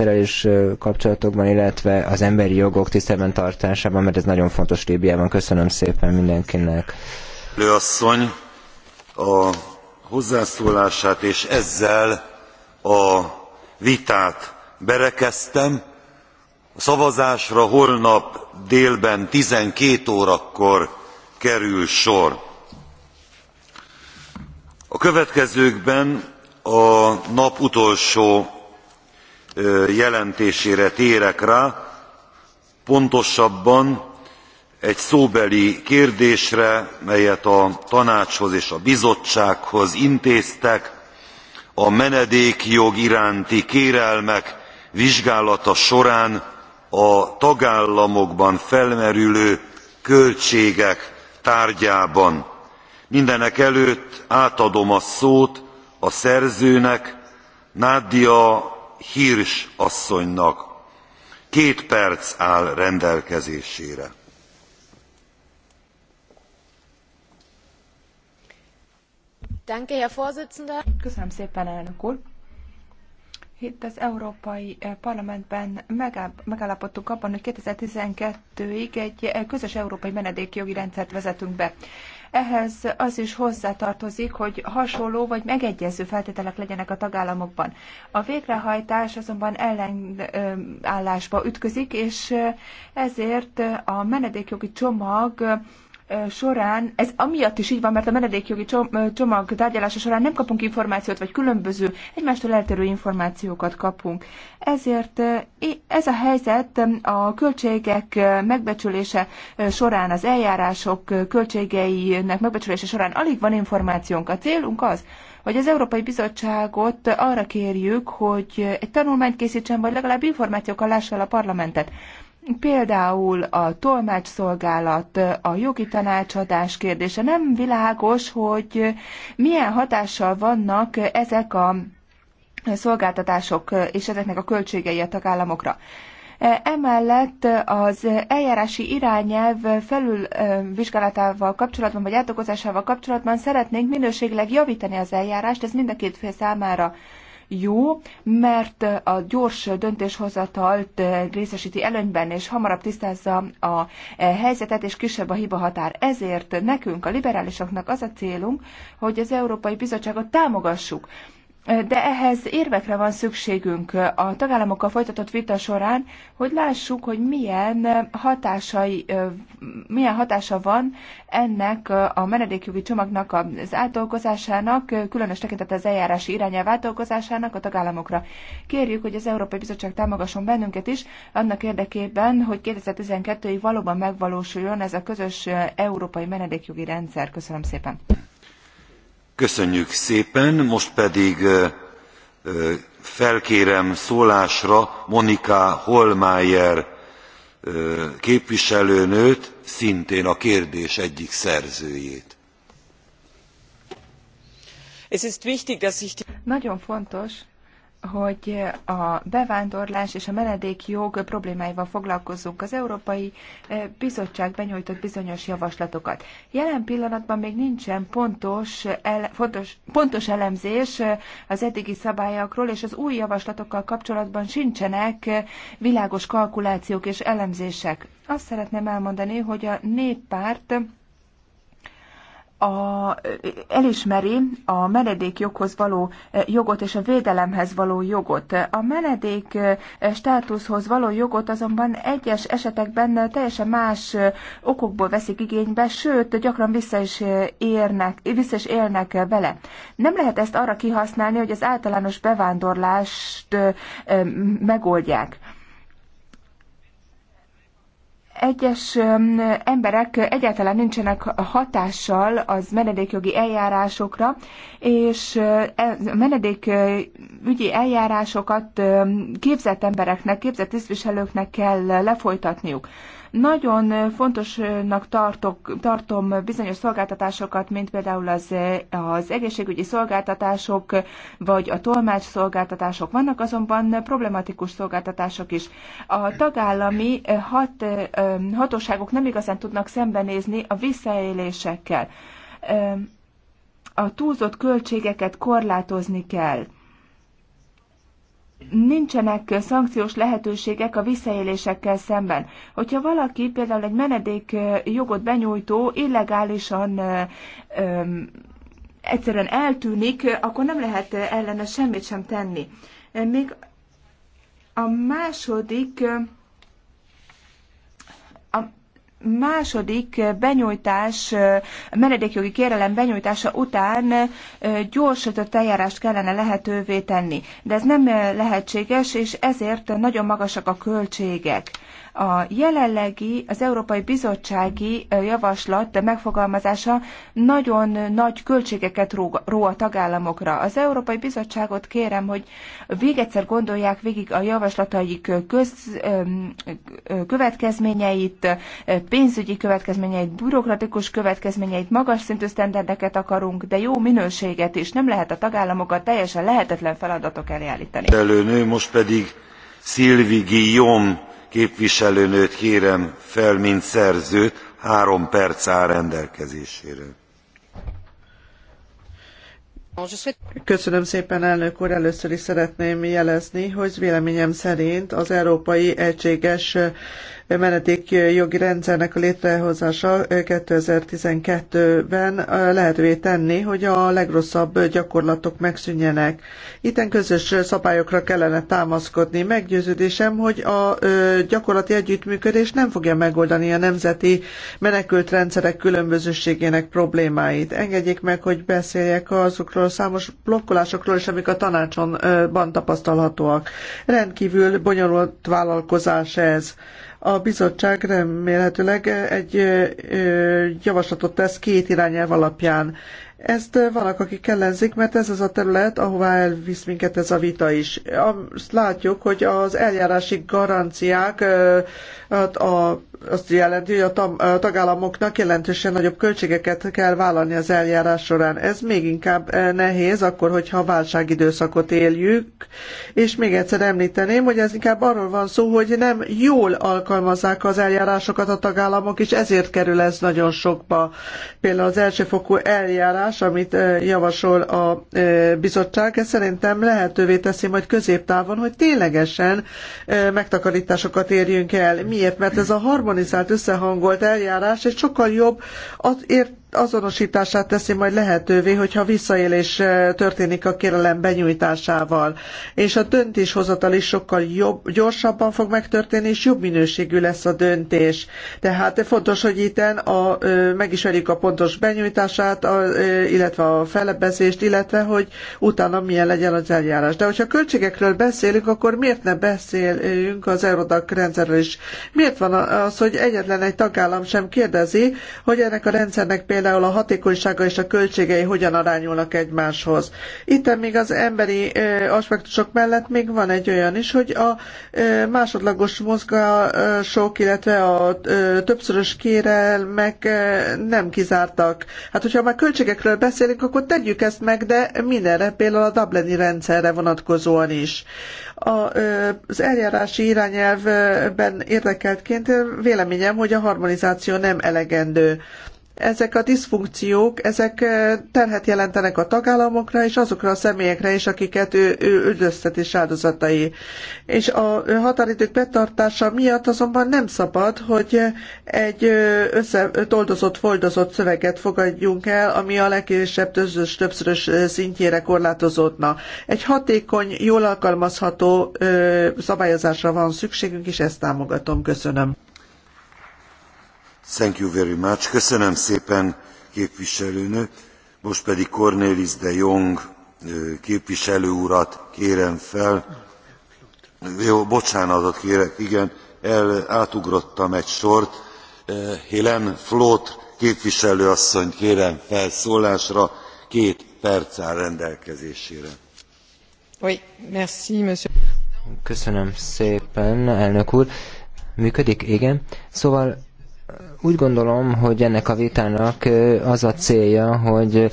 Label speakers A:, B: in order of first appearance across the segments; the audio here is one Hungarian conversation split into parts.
A: bilaterális kapcsolatokban, illetve az emberi jogok tisztelben tartásában, mert ez nagyon fontos Líbiában. Köszönöm szépen mindenkinek.
B: Lőasszony a hozzászólását és ezzel a vitát berekeztem. A szavazásra holnap délben 12 órakor kerül sor. A következőkben a nap utolsó jelentésére térek rá pontosabban egy szóbeli kérdésre melyet a tanácshoz és a bizottsághoz intéztek a menedékjog iránti kérelmek vizsgálata során a tagállamokban felmerülő költségek tárgyában. mindenekelőtt átadom a szót a szerzőnek Nadia. Hirsch asszonynak. Két perc áll rendelkezésére.
C: Köszönöm szépen, elnök úr! Itt az Európai eh, Parlamentben megállapodtunk abban, hogy 2012-ig egy eh, közös európai menedékjogi rendszert vezetünk be. Ehhez az is hozzátartozik, hogy hasonló vagy megegyező feltételek legyenek a tagállamokban. A végrehajtás azonban ellenállásba ütközik, és ezért a menedékjogi csomag során, ez amiatt is így van, mert a menedékjogi csomag tárgyalása során nem kapunk információt, vagy különböző, egymástól eltérő információkat kapunk. Ezért ez a helyzet a költségek megbecsülése során, az eljárások költségeinek megbecsülése során alig van információnk. A célunk az, hogy az Európai Bizottságot arra kérjük, hogy egy tanulmányt készítsen, vagy legalább információkkal lássa el a parlamentet például a tolmácsszolgálat, a jogi tanácsadás kérdése. Nem világos, hogy milyen hatással vannak ezek a szolgáltatások és ezeknek a költségei a tagállamokra. Emellett az eljárási irányelv felülvizsgálatával kapcsolatban, vagy átokozásával kapcsolatban szeretnénk minőségileg javítani az eljárást, ez mind a két fél számára jó, mert a gyors döntéshozatalt eh, részesíti előnyben, és hamarabb tisztázza a eh, helyzetet, és kisebb a hiba határ. Ezért nekünk, a liberálisoknak az a célunk, hogy az Európai Bizottságot támogassuk de ehhez érvekre van szükségünk a tagállamokkal folytatott vita során, hogy lássuk, hogy milyen, hatásai, milyen hatása van ennek a menedékjogi csomagnak az átdolgozásának, különös tekintet az eljárási irányelv átdolgozásának a tagállamokra. Kérjük, hogy az Európai Bizottság támogasson bennünket is, annak érdekében, hogy 2012-ig valóban megvalósuljon ez a közös európai menedékjogi rendszer. Köszönöm szépen!
B: Köszönjük szépen, most pedig felkérem szólásra Monika Holmeier képviselőnőt, szintén a kérdés egyik szerzőjét.
C: Nagyon fontos, hogy a bevándorlás és a menedékjog problémáival foglalkozzunk. Az Európai eh, Bizottság benyújtott bizonyos javaslatokat. Jelen pillanatban még nincsen pontos, ele, fontos, pontos elemzés eh, az eddigi szabályokról, és az új javaslatokkal kapcsolatban sincsenek eh, világos kalkulációk és elemzések. Azt szeretném elmondani, hogy a néppárt a, elismeri a menedék joghoz való eh, jogot és a védelemhez való jogot. A menedék eh, státuszhoz való jogot azonban egyes esetekben teljesen más eh, okokból veszik igénybe, sőt, gyakran vissza is, érnek, vissza is élnek vele. Nem lehet ezt arra kihasználni, hogy az általános bevándorlást megoldják egyes emberek egyáltalán nincsenek hatással az menedékjogi eljárásokra, és a e, menedékügyi eljárásokat képzett embereknek, képzett tisztviselőknek kell lefolytatniuk. Nagyon fontosnak tartok, tartom bizonyos szolgáltatásokat, mint például az, az egészségügyi szolgáltatások, vagy a tolmács szolgáltatások. Vannak azonban problematikus szolgáltatások is. A tagállami eh, hat, eh, hatóságok nem igazán tudnak szembenézni a visszaélésekkel. Eh, a túlzott költségeket korlátozni kell nincsenek szankciós lehetőségek a visszaélésekkel szemben. Hogyha valaki például egy menedék jogot benyújtó illegálisan öm, egyszerűen eltűnik, akkor nem lehet ellene semmit sem tenni. Még a második második eh, benyújtás, eh, menedékjogi kérelem benyújtása után eh, gyorsított eljárást kellene lehetővé tenni. De ez nem lehetséges, és ezért nagyon magasak a költségek. A jelenlegi, az Európai Bizottsági javaslat megfogalmazása nagyon nagy költségeket ró, ró a tagállamokra. Az Európai Bizottságot kérem, hogy végegyszer gondolják végig a javaslataik köz, következményeit, pénzügyi következményeit, bürokratikus következményeit, magas szintű sztenderdeket akarunk, de jó minőséget is. Nem lehet a tagállamokat teljesen lehetetlen feladatok elé állítani.
B: Előnő, most pedig Szilvi Guillaume képviselőnőt kérem fel mint szerzőt három perc áll rendelkezésére.
D: Köszönöm szépen, elnök úr! Először is szeretném jelezni, hogy véleményem szerint az Európai Egységes menedékjogi rendszernek a létrehozása 2012-ben lehetővé tenni, hogy a legrosszabb gyakorlatok megszűnjenek. Itten közös szabályokra kellene támaszkodni. Meggyőződésem, hogy a gyakorlati együttműködés nem fogja megoldani a nemzeti rendszerek különbözőségének problémáit. Engedjék meg, hogy beszéljek azokról a számos blokkolásokról is, amik a tanácsonban tapasztalhatóak. Rendkívül bonyolult vállalkozás ez. A bizottság remélhetőleg egy javaslatot tesz két irányelv alapján. Ezt vannak, akik ellenzik, mert ez az a terület, ahová elvisz minket ez a vita is. Azt látjuk, hogy az eljárási garanciák hát a azt jelenti, hogy a tagállamoknak jelentősen nagyobb költségeket kell vállalni az eljárás során. Ez még inkább eh, nehéz akkor, hogyha válságidőszakot éljük, és még egyszer említeném, hogy ez inkább arról van szó, hogy nem jól alkalmazzák az eljárásokat a tagállamok, és ezért kerül ez nagyon sokba. Például az elsőfokú eljárás, amit eh, javasol a eh, bizottság, ez szerintem lehetővé teszi majd középtávon, hogy ténylegesen megtakarításokat érjünk el. Miért? Mert ez a harmadik harmonizált, összehangolt eljárás, és sokkal jobb az ért azonosítását teszi majd lehetővé, hogyha visszaélés eh, történik a kérelem benyújtásával. És a döntéshozatal is sokkal jobb, gyorsabban fog megtörténni, és jobb minőségű lesz a döntés. Tehát fontos, hogy itten a, megismerjük a pontos benyújtását, a, illetve a felebbezést, illetve hogy utána milyen legyen az eljárás. De hogyha költségekről beszélünk, akkor miért ne beszéljünk az Eurodac rendszerről is? Miért van az, hogy egyetlen egy tagállam sem kérdezi, hogy ennek a rendszernek például például a hatékonysága és a költségei hogyan arányulnak egymáshoz. Itt még az emberi aspektusok mellett még van egy olyan is, hogy a másodlagos mozgások, illetve a többszörös kérelmek nem kizártak. Hát, hogyha már költségekről beszélünk, akkor tegyük ezt meg, de mindenre, például a Dublini rendszerre vonatkozóan is. A, az eljárási irányelvben érdekeltként véleményem, hogy a harmonizáció nem elegendő ezek a diszfunkciók, ezek terhet jelentenek a tagállamokra és azokra a személyekre is, akiket ő, ő üldöztetés áldozatai. És a határidők betartása miatt azonban nem szabad, hogy egy toldozott, foldozott szöveget fogadjunk el, ami a legkésebb többszörös szintjére korlátozódna. Egy hatékony, jól alkalmazható szabályozásra van szükségünk, és ezt támogatom. Köszönöm.
B: Thank you very much. Köszönöm szépen képviselőnő. Most pedig Cornelis de Jong képviselő urat kérem fel. Jó, bocsánatot kérek, igen, el, átugrottam egy sort. Helen Flót képviselő asszonyt kérem fel szólásra, két perc áll rendelkezésére. Oui,
A: merci, monsieur. Köszönöm szépen, elnök úr. Működik? Igen. Szóval úgy gondolom, hogy ennek a vitának az a célja, hogy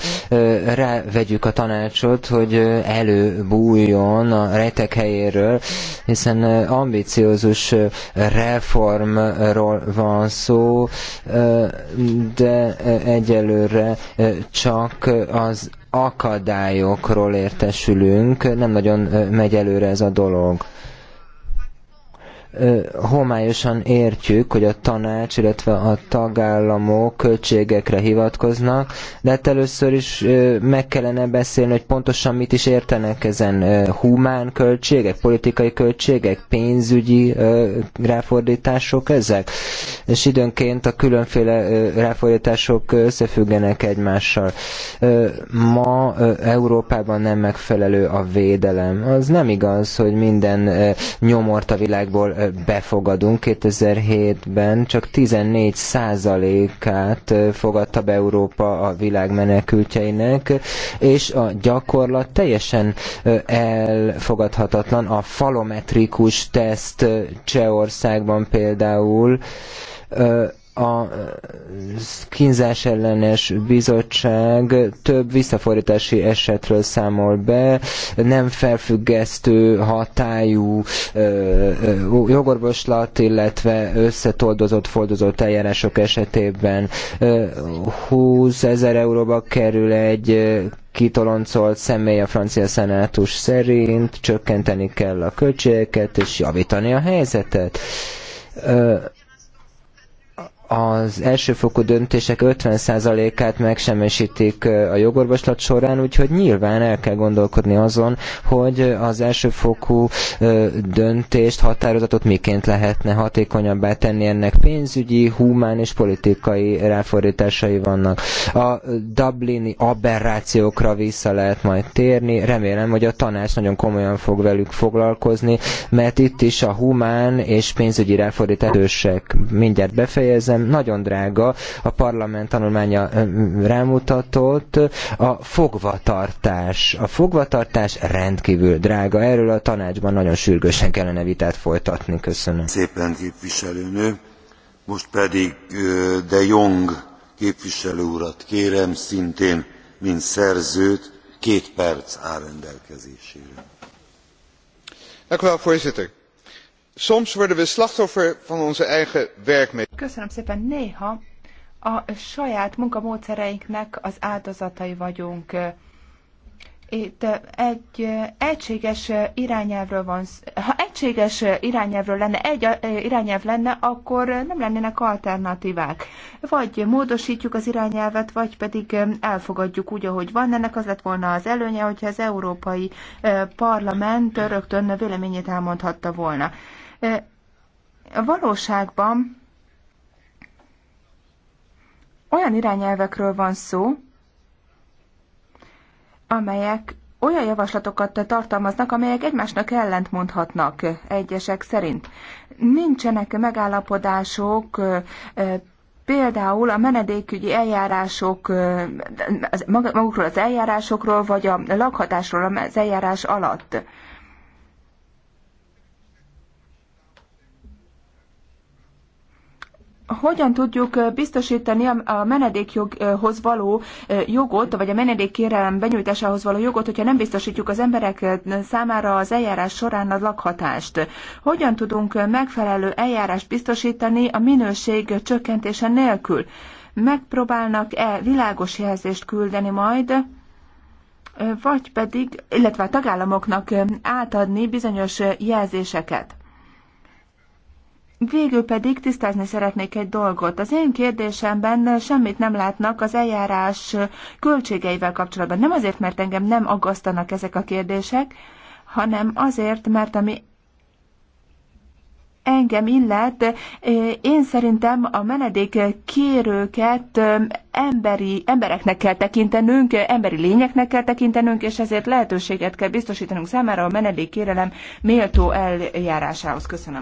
A: rávegyük a tanácsot, hogy előbújjon a rejtek helyéről, hiszen ambiciózus reformról van szó, de egyelőre csak az akadályokról értesülünk, nem nagyon megy előre ez a dolog homályosan értjük, hogy a tanács, illetve a tagállamok költségekre hivatkoznak, de hát először is meg kellene beszélni, hogy pontosan mit is értenek ezen humán költségek, politikai költségek, pénzügyi ráfordítások ezek, és időnként a különféle ráfordítások összefüggenek egymással. Ma Európában nem megfelelő a védelem. Az nem igaz, hogy minden nyomort a világból befogadunk. 2007-ben csak 14 százalékát fogadta be Európa a világ menekültjeinek, és a gyakorlat teljesen elfogadhatatlan. A falometrikus teszt Csehországban például a kínzás ellenes bizottság több visszafordítási esetről számol be, nem felfüggesztő hatályú jogorvoslat, illetve összetoldozott, foldozott eljárások esetében 20 ezer euróba kerül egy kitoloncolt személy a francia szenátus szerint, csökkenteni kell a költségeket és javítani a helyzetet az elsőfokú döntések 50%-át megsemmisítik a jogorvoslat során, úgyhogy nyilván el kell gondolkodni azon, hogy az elsőfokú döntést, határozatot miként lehetne hatékonyabbá tenni. Ennek pénzügyi, humán és politikai ráfordításai vannak. A dublini aberrációkra vissza lehet majd térni. Remélem, hogy a tanács nagyon komolyan fog velük foglalkozni, mert itt is a humán és pénzügyi ráfordítások mindjárt befejezem hiszen nagyon drága, a parlament tanulmánya rámutatott, a fogvatartás. A fogvatartás rendkívül drága, erről a tanácsban nagyon sürgősen kellene vitát folytatni. Köszönöm.
B: Szépen képviselőnő, most pedig De Jong képviselő urat kérem szintén, mint szerzőt, két perc áll rendelkezésére.
D: Dank voorzitter
B: soms worden we slachtoffer van onze eigen werkmethoden.
C: Köszönöm szépen. Néha a saját munkamódszereinknek az áldozatai vagyunk. Itt egy egységes irányelvről van Ha egységes irányelvről lenne, egy irányelv lenne, akkor nem lennének alternatívák. Vagy módosítjuk az irányelvet, vagy pedig elfogadjuk úgy, ahogy van. Ennek az lett volna az előnye, hogyha az Európai Parlament rögtön véleményét elmondhatta volna. A valóságban olyan irányelvekről van szó, amelyek olyan javaslatokat tartalmaznak, amelyek egymásnak ellentmondhatnak egyesek szerint. Nincsenek megállapodások, például a menedékügyi eljárások, magukról az eljárásokról, vagy a lakhatásról az eljárás alatt. hogyan tudjuk biztosítani a menedékjoghoz való jogot, vagy a menedékkérelem benyújtásához való jogot, hogyha nem biztosítjuk az emberek számára az eljárás során a lakhatást? Hogyan tudunk megfelelő eljárást biztosítani a minőség csökkentése nélkül? Megpróbálnak-e világos jelzést küldeni majd, vagy pedig, illetve a tagállamoknak átadni bizonyos jelzéseket? Végül pedig tisztázni szeretnék egy dolgot. Az én kérdésemben semmit nem látnak az eljárás költségeivel kapcsolatban. Nem azért, mert engem nem aggasztanak ezek a kérdések, hanem azért, mert ami engem illet, eh, én szerintem a menedék kérőket eh, emberi, embereknek kell tekintenünk, eh, emberi lényeknek kell tekintenünk, és ezért lehetőséget kell biztosítanunk számára a menedék kérelem méltó eljárásához. Köszönöm.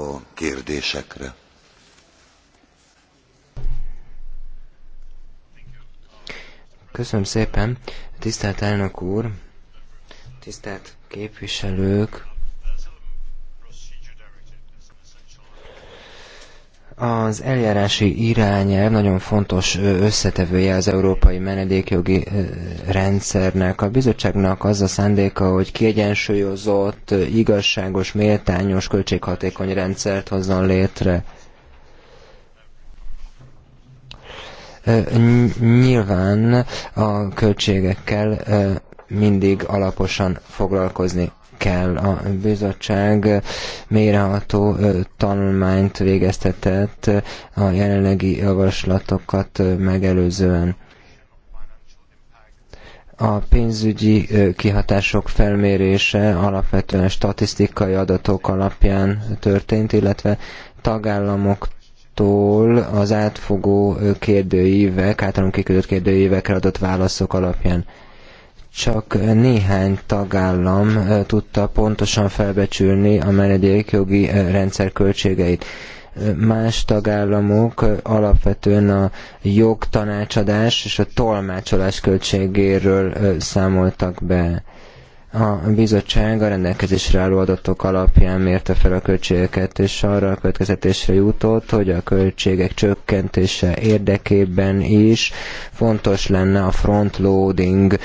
B: a kérdésekre.
A: Köszönöm szépen, tisztelt elnök úr, tisztelt képviselők, Az eljárási irányelv nagyon fontos összetevője az európai menedékjogi rendszernek. A bizottságnak az a szándéka, hogy kiegyensúlyozott, igazságos, méltányos, költséghatékony rendszert hozzon létre. Nyilván a költségekkel mindig alaposan foglalkozni kell. A bizottság mélyreható tanulmányt végeztetett a jelenlegi javaslatokat megelőzően a pénzügyi kihatások felmérése alapvetően statisztikai adatok alapján történt, illetve tagállamoktól az átfogó kérdőívek, általunk kiküldött kérdőívekre adott válaszok alapján csak néhány tagállam tudta pontosan felbecsülni a menedékjogi rendszer költségeit. Más tagállamok alapvetően a jogtanácsadás és a tolmácsolás költségéről számoltak be a bizottság a rendelkezésre álló adatok alapján mérte fel a költségeket, és arra a következetésre jutott, hogy a költségek csökkentése érdekében is fontos lenne a frontloading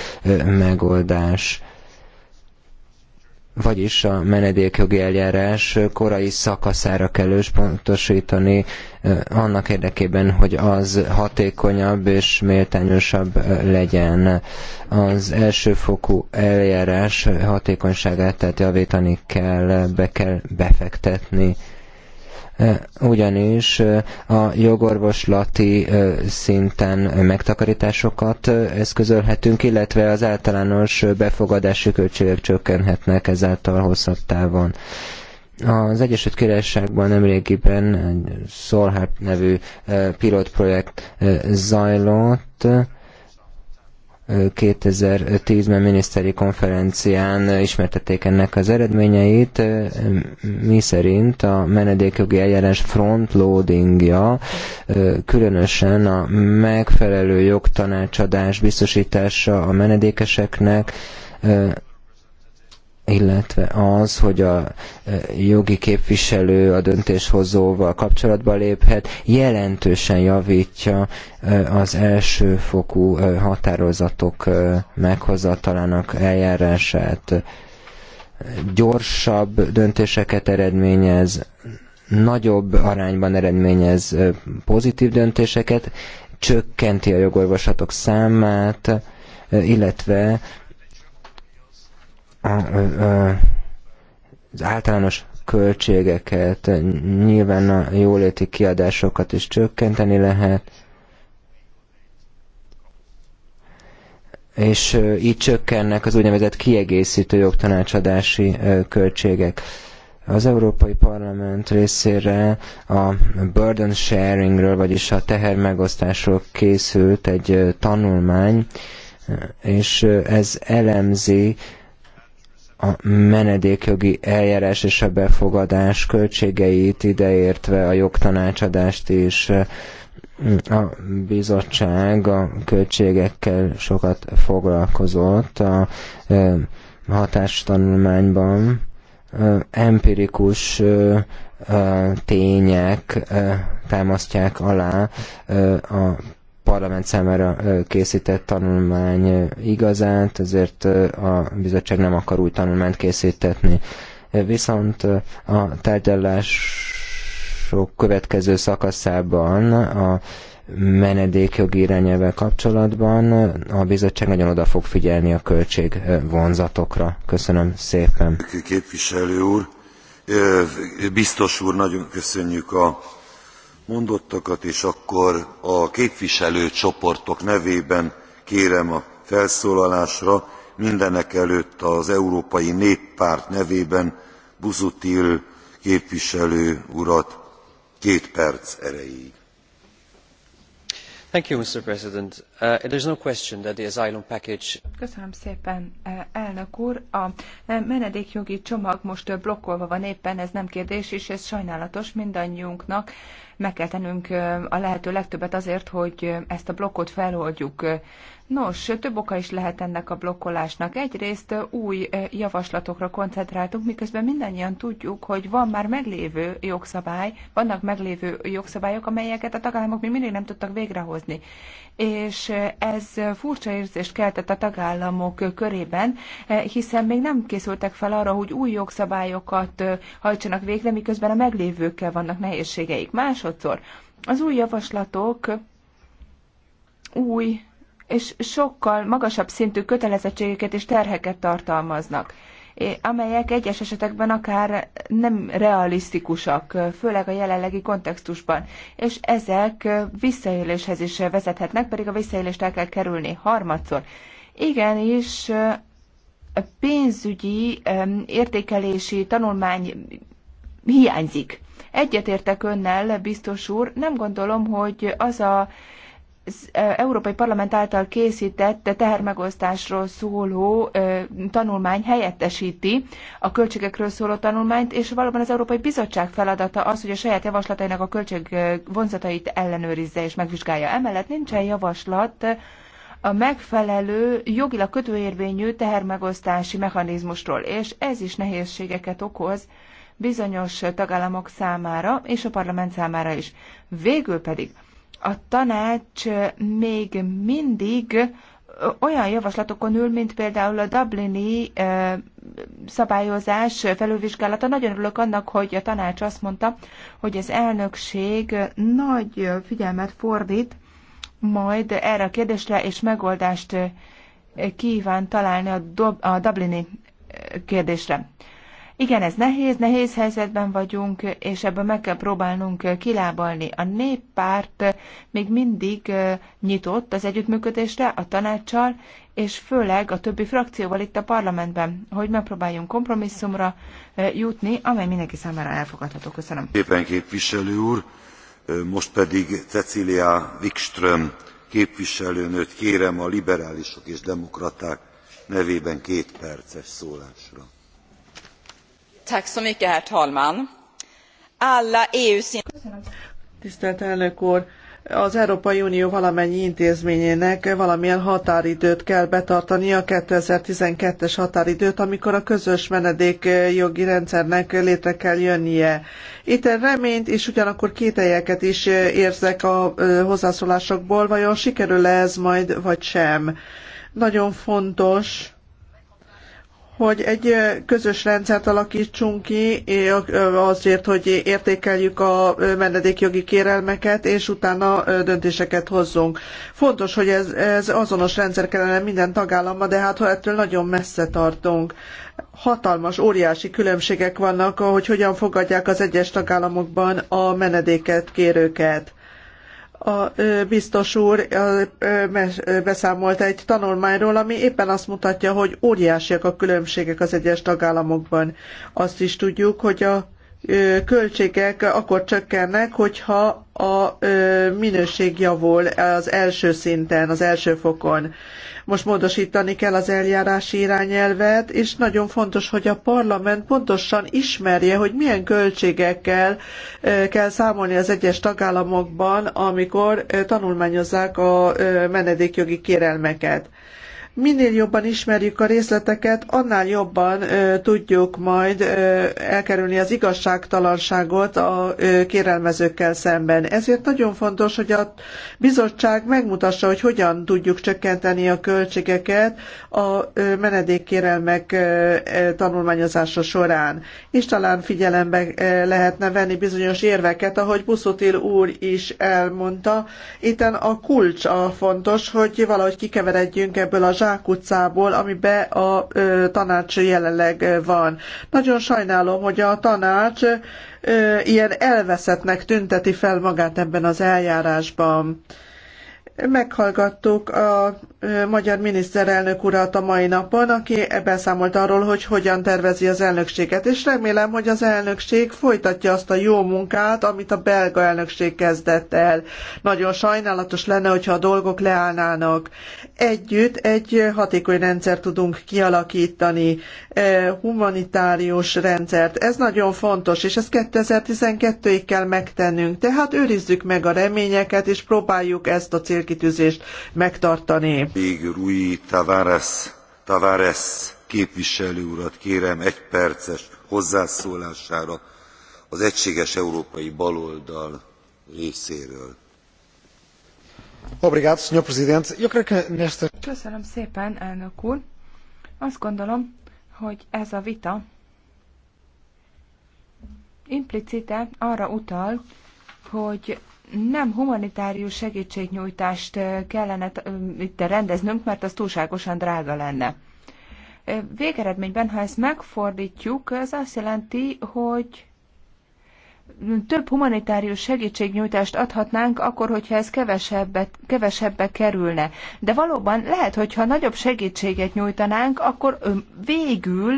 A: megoldás vagyis a menedékjogi eljárás korai szakaszára kell összpontosítani eh, annak érdekében, hogy az hatékonyabb és méltányosabb eh, legyen. Az elsőfokú eljárás hatékonyságát tehát javítani kell, be kell befektetni Eh, ugyanis eh, a jogorvoslati eh, szinten megtakarításokat eszközölhetünk, illetve az általános befogadási költségek csökkenhetnek ezáltal hosszabb távon. Az Egyesült Királyságban nemrégiben egy Solharp nevű pilotprojekt zajlott, 2010-ben miniszteri konferencián ismertették ennek az eredményeit, mi szerint a menedékjogi eljárás frontloadingja különösen a megfelelő jogtanácsadás biztosítása a menedékeseknek illetve az, hogy a e, jogi képviselő a döntéshozóval kapcsolatba léphet, jelentősen javítja e, az elsőfokú e, határozatok meghozatalának eljárását. Gyorsabb döntéseket eredményez, nagyobb arányban eredményez pozitív döntéseket, csökkenti a jogorvoslatok számát, illetve az általános költségeket, nyilván a jóléti kiadásokat is csökkenteni lehet, és így csökkennek az úgynevezett kiegészítő jogtanácsadási költségek. Az Európai Parlament részére a burden sharingről, vagyis a tehermegosztásról készült egy tanulmány, és ez elemzi a menedékjogi eljárás és a befogadás költségeit ideértve a jogtanácsadást is a bizottság a költségekkel sokat foglalkozott a hatástanulmányban empirikus tények támasztják alá a parlament számára készített tanulmány igazát, ezért a bizottság nem akar új tanulmányt készítetni. Viszont a tárgyalások következő szakaszában a menedékjogi irányelvvel kapcsolatban a bizottság nagyon oda fog figyelni a költség vonzatokra. Köszönöm szépen.
B: Képviselő úr, biztos úr, nagyon köszönjük a mondottakat és akkor a képviselőcsoportok nevében kérem a felszólalásra mindenekelőtt az európai néppárt nevében busuttil képviselő urat két perc erejéig.
A: You, mr president uh, there is no question that the asylum package.
C: köszönöm szépen uh, elnök úr a uh, menedékjogi csomag most uh, blokkolva van éppen ez nem kérdés és ez sajnálatos mindannyiunknak meg kell tennünk a lehető legtöbbet azért, hogy ezt a blokkot feloldjuk. Nos, több oka is lehet ennek a blokkolásnak. Egyrészt új javaslatokra koncentráltunk, miközben mindannyian tudjuk, hogy van már meglévő jogszabály, vannak meglévő jogszabályok, amelyeket a tagállamok még mindig nem tudtak végrehozni és ez furcsa érzést keltett a tagállamok körében, hiszen még nem készültek fel arra, hogy új jogszabályokat hajtsanak végre, miközben a meglévőkkel vannak nehézségeik. Másodszor, az új javaslatok új és sokkal magasabb szintű kötelezettségeket és terheket tartalmaznak amelyek egyes esetekben akár nem realisztikusak, főleg a jelenlegi kontextusban, és ezek visszaéléshez is vezethetnek, pedig a visszaélést el kell kerülni harmadszor. Igenis, pénzügyi értékelési tanulmány hiányzik. Egyetértek önnel, biztos úr, nem gondolom, hogy az a Európai Parlament által készített tehermegosztásról szóló tanulmány helyettesíti a költségekről szóló tanulmányt, és valóban az Európai Bizottság feladata az, hogy a saját javaslatainak a költség vonzatait ellenőrizze és megvizsgálja. Emellett nincsen javaslat a megfelelő, jogilag kötőérvényű tehermegosztási mechanizmusról, és ez is nehézségeket okoz bizonyos tagállamok számára és a parlament számára is. Végül pedig a tanács még mindig olyan javaslatokon ül, mint például a Dublini szabályozás felülvizsgálata. Nagyon örülök annak, hogy a tanács azt mondta, hogy az elnökség nagy figyelmet fordít majd erre a kérdésre, és megoldást kíván találni a, Dublini kérdésre. Igen, ez nehéz, nehéz helyzetben vagyunk, és ebből meg kell próbálnunk kilábalni. A néppárt még mindig nyitott az együttműködésre a tanácssal, és főleg a többi frakcióval itt a parlamentben, hogy megpróbáljunk kompromisszumra jutni, amely mindenki számára elfogadható. Köszönöm.
B: Éppen képviselő úr, most pedig Cecilia Wikström képviselőnőt kérem a liberálisok és demokraták nevében két perces szólásra.
D: E Tisztelt elnök úr! Az Európai Unió valamennyi intézményének valamilyen határidőt kell betartania, 2012-es határidőt, amikor a közös menedékjogi rendszernek létre kell jönnie. Itt reményt és ugyanakkor kételyeket is érzek a hozzászólásokból, vajon sikerül-e ez majd, vagy sem. Nagyon fontos, hogy egy közös rendszert alakítsunk ki azért, hogy értékeljük a menedékjogi kérelmeket, és utána döntéseket hozzunk. Fontos, hogy ez, ez azonos rendszer kellene minden tagállamban, de hát ha ettől nagyon messze tartunk. Hatalmas, óriási különbségek vannak, hogy hogyan fogadják az egyes tagállamokban a menedéket kérőket a biztos úr beszámolt egy tanulmányról, ami éppen azt mutatja, hogy óriásiak a különbségek az egyes tagállamokban. Azt is tudjuk, hogy a költségek akkor csökkennek, hogyha a minőség javul az első szinten, az első fokon. Most módosítani kell az eljárási irányelvet, és nagyon fontos, hogy a parlament pontosan ismerje, hogy milyen költségekkel kell számolni az egyes tagállamokban, amikor tanulmányozzák a menedékjogi kérelmeket. Minél jobban ismerjük a részleteket, annál jobban ö, tudjuk majd ö, elkerülni az igazságtalanságot a ö, kérelmezőkkel szemben. Ezért nagyon fontos, hogy a bizottság megmutassa, hogy hogyan tudjuk csökkenteni a költségeket a ö, menedékkérelmek ö, e, tanulmányozása során. És talán figyelembe ö, lehetne venni bizonyos érveket, ahogy Buszotil úr is elmondta. Itten a kulcs a fontos, hogy valahogy kikeveredjünk ebből a zsá- zsákutcából, amibe a tanács jelenleg van. Nagyon sajnálom, hogy a tanács ilyen elveszettnek tünteti fel magát ebben az eljárásban. Meghallgattuk a magyar miniszterelnök urat a mai napon, aki beszámolt arról, hogy hogyan tervezi az elnökséget, és remélem, hogy az elnökség folytatja azt a jó munkát, amit a belga elnökség kezdett el. Nagyon sajnálatos lenne, hogyha a dolgok leállnának. Együtt egy hatékony rendszer tudunk kialakítani, humanitárius rendszert. Ez nagyon fontos, és ezt 2012-ig kell megtennünk. Tehát őrizzük meg a reményeket, és próbáljuk ezt a célt célkitűzést
B: megtartani. Még Rui Tavares, Tavares képviselő urat kérem egy perces hozzászólására az egységes európai baloldal részéről.
C: Köszönöm szépen, elnök úr. Azt gondolom, hogy ez a vita implicite arra utal, hogy nem humanitárius segítségnyújtást kellene itt rendeznünk, mert az túlságosan drága lenne. Végeredményben, ha ezt megfordítjuk, ez azt jelenti, hogy több humanitárius segítségnyújtást adhatnánk, akkor, hogyha ez kevesebbe, kevesebbe kerülne. De valóban lehet, hogyha nagyobb segítséget nyújtanánk, akkor végül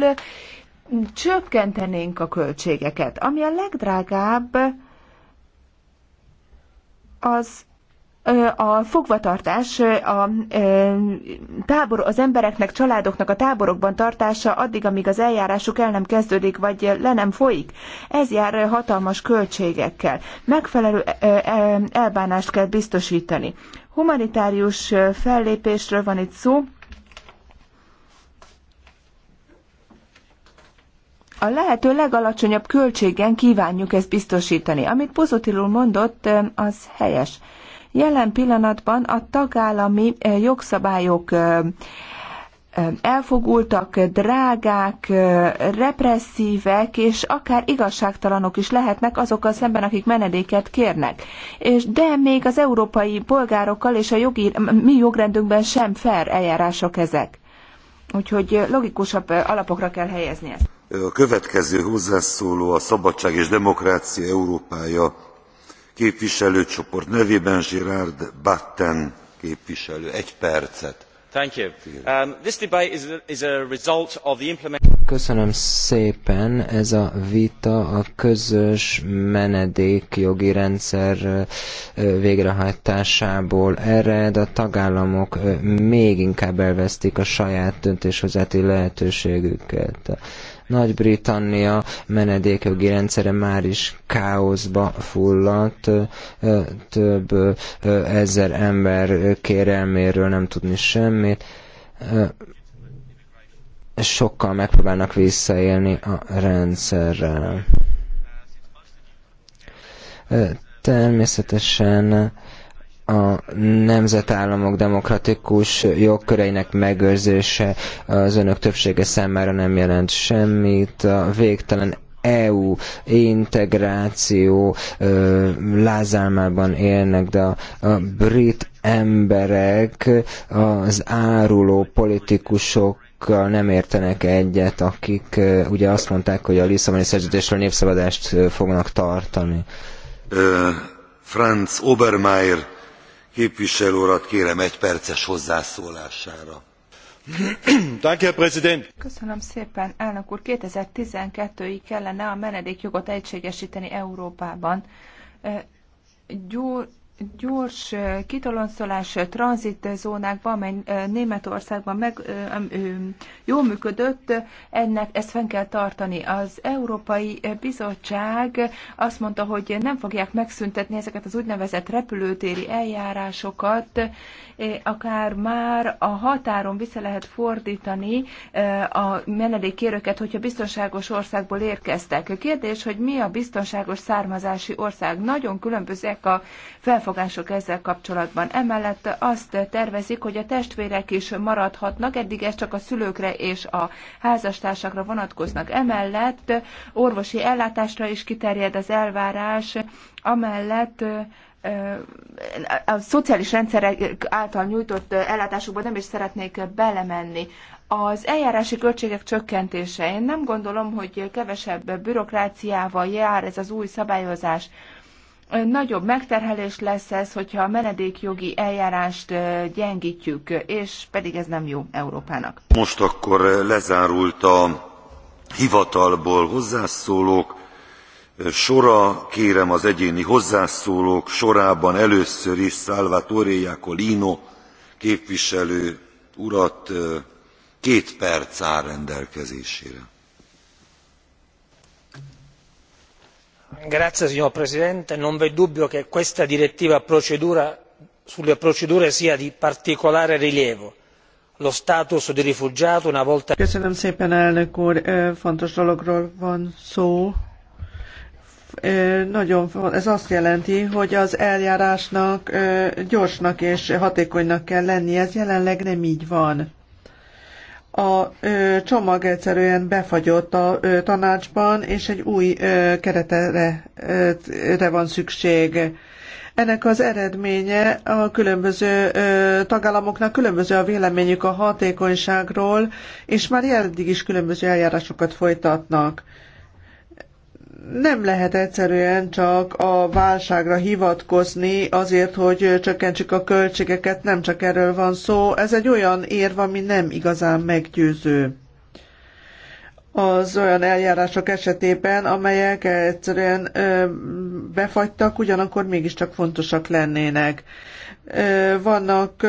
C: csökkentenénk a költségeket. Ami a legdrágább, az a fogvatartás, a tábor, az embereknek, családoknak a táborokban tartása addig, amíg az eljárásuk el nem kezdődik, vagy le nem folyik, ez jár hatalmas költségekkel. Megfelelő elbánást kell biztosítani. Humanitárius fellépésről van itt szó, a lehető legalacsonyabb költségen kívánjuk ezt biztosítani. Amit Pozotilul mondott, az helyes. Jelen pillanatban a tagállami jogszabályok elfogultak, drágák, represszívek, és akár igazságtalanok is lehetnek azokkal szemben, akik menedéket kérnek. És de még az európai polgárokkal és a jogi, mi jogrendünkben sem fair eljárások ezek. Úgyhogy logikusabb alapokra kell helyezni ezt
B: a következő hozzászóló a szabadság és demokrácia európája képviselőcsoport nevében gerard batten képviselő egy percet. Um,
A: Köszönöm szépen. Ez a vita a közös menedékjogi rendszer végrehajtásából ered. A tagállamok még inkább elvesztik a saját döntéshozati lehetőségüket. Nagy-Britannia menedékjogi rendszere már is káoszba fulladt, több ezer ember kérelméről nem tudni semmit sokkal megpróbálnak visszaélni a rendszerrel. Természetesen a nemzetállamok demokratikus jogköreinek megőrzése az önök többsége számára nem jelent semmit, a végtelen EU integráció ö, lázálmában élnek, de a, a brit emberek az áruló politikusok nem értenek egyet, akik uh, ugye azt mondták, hogy a Lisszaboni szerződésről népszabadást fognak tartani.
B: Uh, Franz Obermeier képviselő urat kérem egyperces hozzászólására.
C: Köszönöm szépen, elnök úr. 2012-ig kellene a menedékjogot egységesíteni Európában. Gyúr gyors kitoloncolás tranzitzónákban, amely Németországban meg, jól működött, ennek ezt fenn kell tartani. Az Európai Bizottság azt mondta, hogy nem fogják megszüntetni ezeket az úgynevezett repülőtéri eljárásokat, akár már a határon vissza lehet fordítani a menedékkérőket, hogyha biztonságos országból érkeztek. Kérdés, hogy mi a biztonságos származási ország? Nagyon különbözőek a felfogások felfogások ezzel kapcsolatban. Emellett azt tervezik, hogy a testvérek is maradhatnak, eddig ez csak a szülőkre és a házastársakra vonatkoznak. Emellett orvosi ellátásra is kiterjed az elvárás, amellett a szociális rendszerek által nyújtott ellátásokba nem is szeretnék belemenni. Az eljárási költségek csökkentése. Én nem gondolom, hogy kevesebb bürokráciával jár ez az új szabályozás nagyobb megterhelés lesz ez, hogyha a menedékjogi eljárást gyengítjük, és pedig ez nem jó Európának.
B: Most akkor lezárult a hivatalból hozzászólók sora, kérem az egyéni hozzászólók sorában először is Salvatore Iacolino képviselő urat két perc áll rendelkezésére. signor presidente non v'è dubbio che questa direttiva sulle procedure sia di particolare rilievo. lo status di rifugiato una volta.
D: köszönöm szépen elnök úr fontos dologról van szó. Nagyon, ez azt jelenti, hogy az eljárásnak gyorsnak és hatékonynak kell lennie, ez jelenleg nem így van a csomag egyszerűen befagyott a tanácsban, és egy új keretre van szükség. Ennek az eredménye a különböző tagállamoknak különböző a véleményük a hatékonyságról, és már eddig is különböző eljárásokat folytatnak nem lehet egyszerűen csak a válságra hivatkozni azért, hogy csökkentsük a költségeket, nem csak erről van szó. Ez egy olyan érv, ami nem igazán meggyőző az olyan eljárások esetében, amelyek egyszerűen befagytak, ugyanakkor mégiscsak fontosak lennének vannak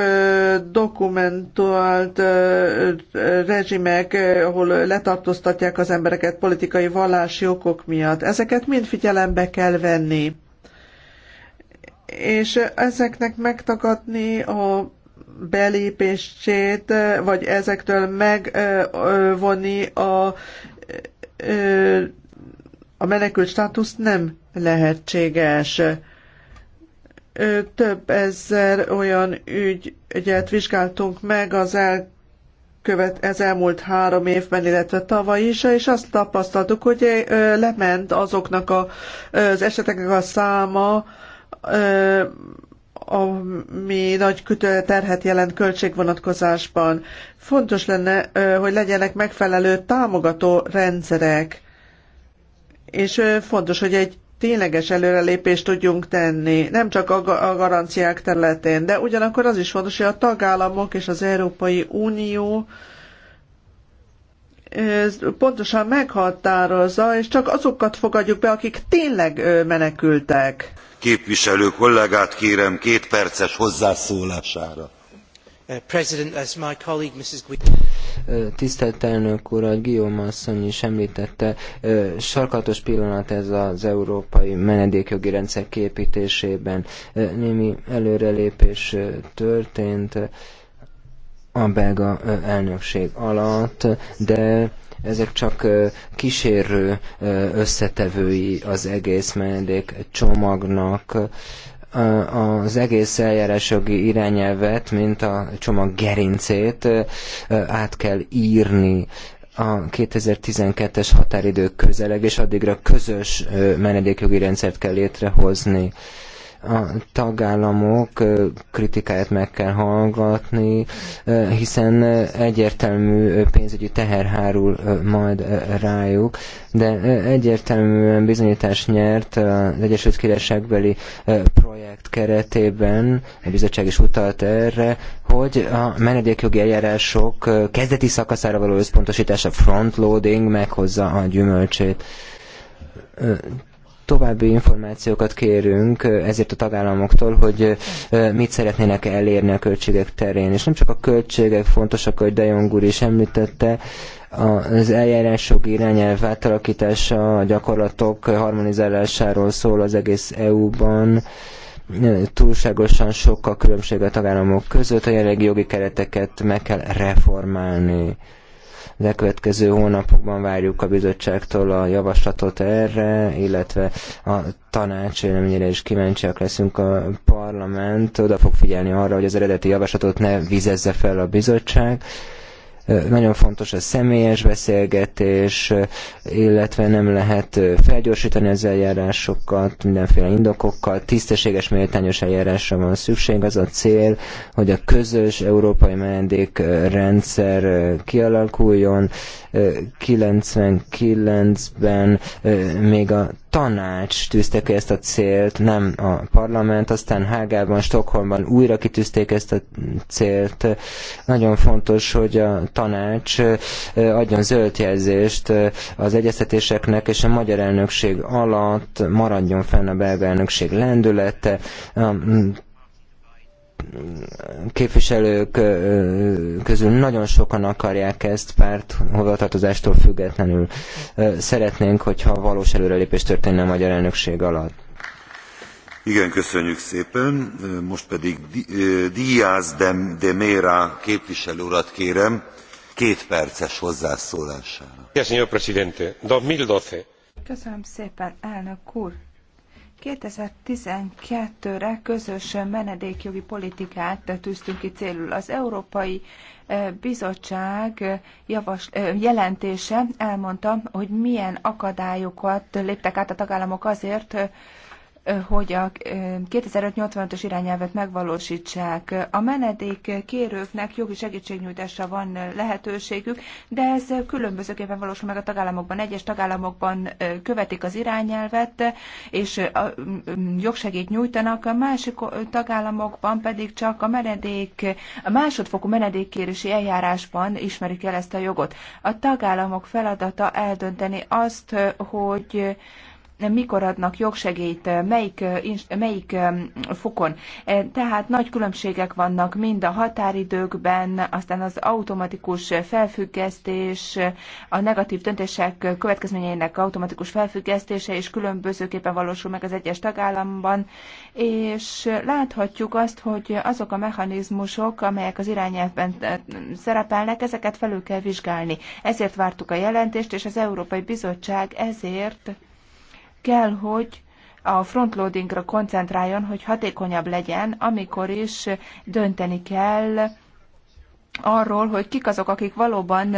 D: dokumentált rezsimek, ahol letartóztatják az embereket politikai vallási okok miatt. Ezeket mind figyelembe kell venni. És ezeknek megtakadni a belépését, vagy ezektől megvonni a, a menekült státuszt nem lehetséges több ezer olyan ügyet vizsgáltunk meg az el követ ez elmúlt három évben, illetve tavaly is, és azt tapasztaltuk, hogy lement azoknak a, az eseteknek a száma, ami nagy terhet jelent költségvonatkozásban. Fontos lenne, hogy legyenek megfelelő támogató rendszerek, és fontos, hogy egy tényleges előrelépést tudjunk tenni, nem csak a garanciák területén, de ugyanakkor az is fontos, hogy a tagállamok és az Európai Unió pontosan meghatározza, és csak azokat fogadjuk be, akik tényleg menekültek.
B: Képviselő kollégát kérem két perces hozzászólására.
D: Uh, tisztelt
A: elnök úr, a Guillaume asszony is emltette sarkalatos pillanat ez az európai menedékjogi rendszer kiéptésében. Némi előrelépés történt a belga elnökség alatt, de ezek csak kísérő összetevői az egész menedék csomagnak az egész eljárásjogi irányelvet, mint a csomag gerincét át kell írni a 2012-es határidők közeleg, és addigra közös menedékjogi rendszert kell létrehozni a tagállamok kritikáját meg kell hallgatni, hiszen egyértelmű pénzügyi teher hárul majd rájuk, de egyértelműen bizonyítás nyert az Egyesült Királyságbeli projekt keretében, a bizottság is utalt erre, hogy a menedékjogi eljárások kezdeti szakaszára való összpontosítása frontloading meghozza a gyümölcsét További információkat kérünk ezért a tagállamoktól, hogy mit szeretnének elérni a költségek terén. És nem csak a költségek fontosak, hogy De Jong úr is említette, az eljárások irányelv átalakítása, a gyakorlatok harmonizálásáról szól az egész EU-ban túlságosan sok a különbség a tagállamok között, a jelenlegi jogi kereteket meg kell reformálni. Az elkövetkező hónapokban várjuk a bizottságtól a javaslatot erre, illetve a tanács véleményére is kíváncsiak leszünk. A parlament oda fog figyelni arra, hogy az eredeti javaslatot ne vizezze fel a bizottság. Nagyon fontos a személyes beszélgetés, illetve nem lehet felgyorsítani az eljárásokat, mindenféle indokokkal. Tisztességes, méltányos eljárásra van szükség. Az a cél, hogy a közös európai menedékrendszer kialakuljon. 99-ben még a tanács tűzte ki ezt a célt, nem a parlament, aztán Hágában, Stockholmban újra kitűzték ezt a célt. Nagyon fontos, hogy a tanács adjon zöld jelzést az egyeztetéseknek, és a magyar elnökség alatt maradjon fenn a belga elnökség lendülete, képviselők közül nagyon sokan akarják ezt párt hovatartozástól függetlenül. Szeretnénk, hogyha valós előrelépés történne a magyar elnökség alatt.
B: Igen, köszönjük szépen. Most pedig Diaz de Mera képviselő urat kérem, két perces hozzászólására.
C: Köszönöm szépen, elnök úr! 2012-re közös menedékjogi politikát tűztünk ki célul. Az Európai e, Bizottság e, javas, e, jelentése elmondta, hogy milyen akadályokat léptek át a tagállamok azért, hogy a 85 ös irányelvet megvalósítsák. A menedék kérőknek jogi segítségnyújtásra van lehetőségük, de ez különbözőképpen valósul meg a tagállamokban. Egyes tagállamokban követik az irányelvet, és a jogsegít nyújtanak, a másik tagállamokban pedig csak a menedék, a másodfokú menedékkérési eljárásban ismerik el ezt a jogot. A tagállamok feladata eldönteni azt, hogy mikor adnak jogsegélyt, eh, melyik, eh, melyik eh, fokon. Tehát nagy különbségek vannak mind a határidőkben, aztán az automatikus felfüggesztés, a negatív döntések következményeinek automatikus felfüggesztése is különbözőképpen valósul meg az egyes tagállamban, és láthatjuk azt, hogy azok a mechanizmusok, amelyek az irányelvben szerepelnek, ezeket felül kell vizsgálni. Ezért vártuk a jelentést, és az Európai Bizottság ezért kell, hogy a frontloadingra koncentráljon, hogy hatékonyabb legyen, amikor is dönteni kell arról, hogy kik azok, akik valóban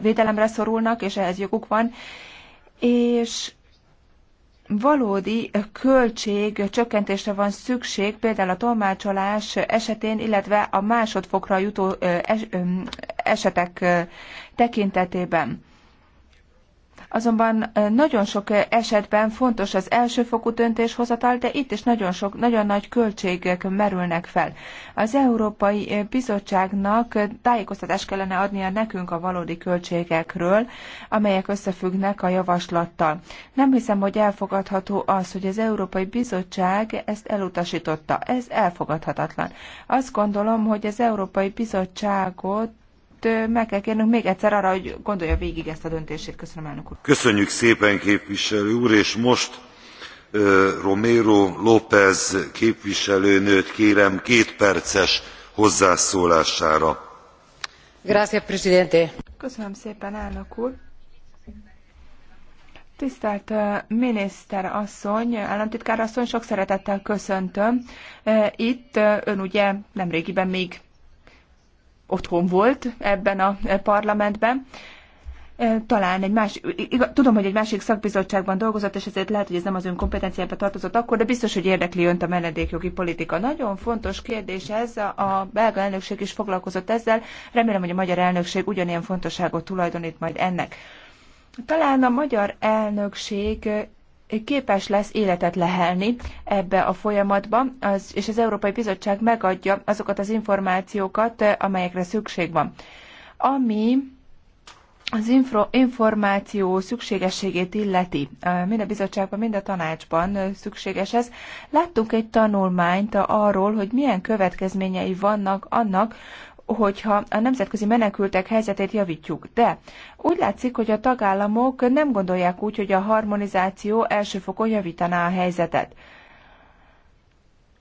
C: védelemre szorulnak, és ehhez joguk van, és valódi költség csökkentésre van szükség, például a tolmácsolás esetén, illetve a másodfokra jutó esetek tekintetében. Azonban nagyon sok esetben fontos az elsőfokú döntéshozatal, de itt is nagyon, sok, nagyon nagy költségek merülnek fel. Az Európai Bizottságnak tájékoztatást kellene adnia nekünk a valódi költségekről, amelyek összefüggnek a javaslattal. Nem hiszem, hogy elfogadható az, hogy az Európai Bizottság ezt elutasította. Ez elfogadhatatlan. Azt gondolom, hogy az Európai Bizottságot meg kell kérnünk még egyszer arra, hogy gondolja végig ezt a döntését. Köszönöm, elnök úr.
B: Köszönjük szépen, képviselő úr, és most Romero López képviselőnőt kérem két perces hozzászólására.
A: Gracias, presidente.
C: Köszönöm szépen, elnök úr. Tisztelt miniszter asszony, államtitkár asszony, sok szeretettel köszöntöm. Itt ön ugye nemrégiben még otthon volt ebben a parlamentben. Talán egy másik, tudom, hogy egy másik szakbizottságban dolgozott, és ezért lehet, hogy ez nem az ön kompetenciába tartozott akkor, de biztos, hogy érdekli önt a menedékjogi politika. Nagyon fontos kérdés ez, a belga elnökség is foglalkozott ezzel, remélem, hogy a magyar elnökség ugyanilyen fontosságot tulajdonít majd ennek. Talán a magyar elnökség képes lesz életet lehelni ebbe a folyamatba, az, és az Európai Bizottság megadja azokat az információkat, amelyekre szükség van. Ami az infro, információ szükségességét illeti, mind a bizottságban, mind a tanácsban szükséges ez. Láttunk egy tanulmányt arról, hogy milyen következményei vannak annak, hogyha a nemzetközi menekültek helyzetét javítjuk. De úgy látszik, hogy a tagállamok nem gondolják úgy, hogy a harmonizáció első fokon javítaná a helyzetet.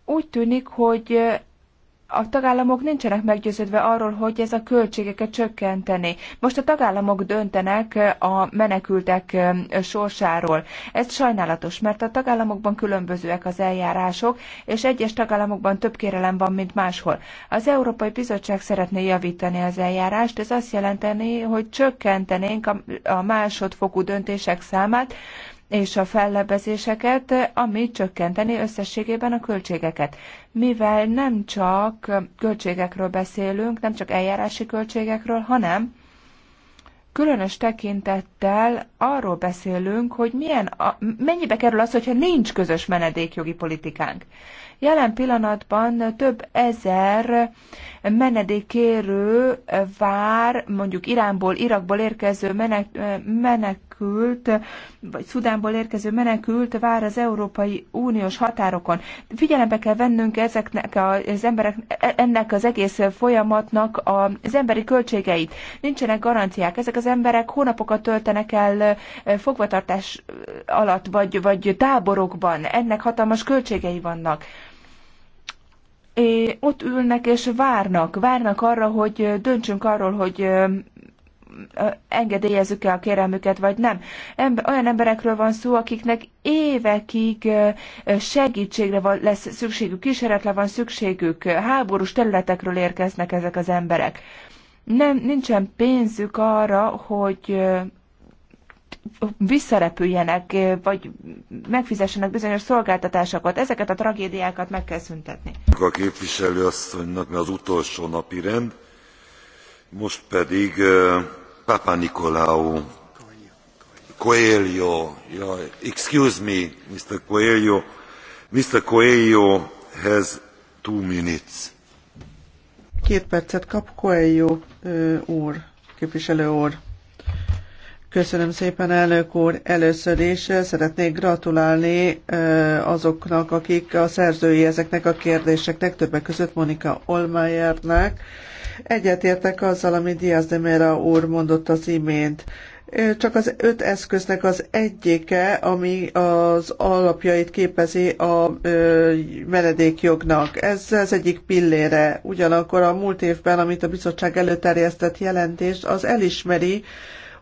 C: Úgy tűnik, hogy a tagállamok nincsenek meggyőződve arról, hogy ez a költségeket csökkenteni. Most a tagállamok döntenek a menekültek sorsáról. Ez sajnálatos, mert a tagállamokban különbözőek az eljárások, és egyes tagállamokban több kérelem van, mint máshol. Az Európai Bizottság szeretné javítani az eljárást, ez azt jelenteni, hogy csökkentenénk a másodfokú döntések számát, és a fellebbezéseket, ami csökkenteni összességében a költségeket. Mivel nem csak költségekről beszélünk, nem csak eljárási költségekről, hanem különös tekintettel arról beszélünk, hogy milyen a, mennyibe kerül az, hogyha nincs közös menedékjogi politikánk. Jelen pillanatban több ezer menedékérő vár, mondjuk Iránból, Irakból érkező menek, menek, menekült, vagy Szudánból érkező menekült vár az Európai Uniós határokon. Figyelembe kell vennünk ezeknek az emberek, e- ennek az egész folyamatnak az emberi költségeit. Nincsenek garanciák. Ezek az emberek hónapokat töltenek el e, fogvatartás e, alatt, vagy, vagy táborokban. Ennek hatalmas költségei vannak É, ott ülnek és várnak, várnak arra, hogy döntsünk arról, hogy engedélyezzük-e a kérelmüket, vagy nem. Olyan emberekről van szó, akiknek évekig segítségre van, lesz szükségük, kísérletre van szükségük, háborús területekről érkeznek ezek az emberek. Nem, nincsen pénzük arra, hogy visszarepüljenek, vagy megfizessenek bizonyos szolgáltatásokat. Ezeket a tragédiákat meg kell szüntetni.
B: A képviselőasszonynak, hogy az utolsó napi rend, most pedig Papa Nikolaou. Coelho. Coelho. Excuse me, Mr. Coelho. Mr. Coelho has two minutes.
D: Két percet kap Coelho úr, képviselő úr. Köszönöm szépen, elnök úr. Először is szeretnék gratulálni azoknak, akik a szerzői ezeknek a kérdéseknek, többek között Monika Olmájernek, Egyetértek azzal, amit Diaz de Mera úr mondott az imént csak az öt eszköznek az egyike, ami az alapjait képezi a menedékjognak. Ez az egyik pillére. Ugyanakkor a múlt évben, amit a bizottság előterjesztett jelentést, az elismeri,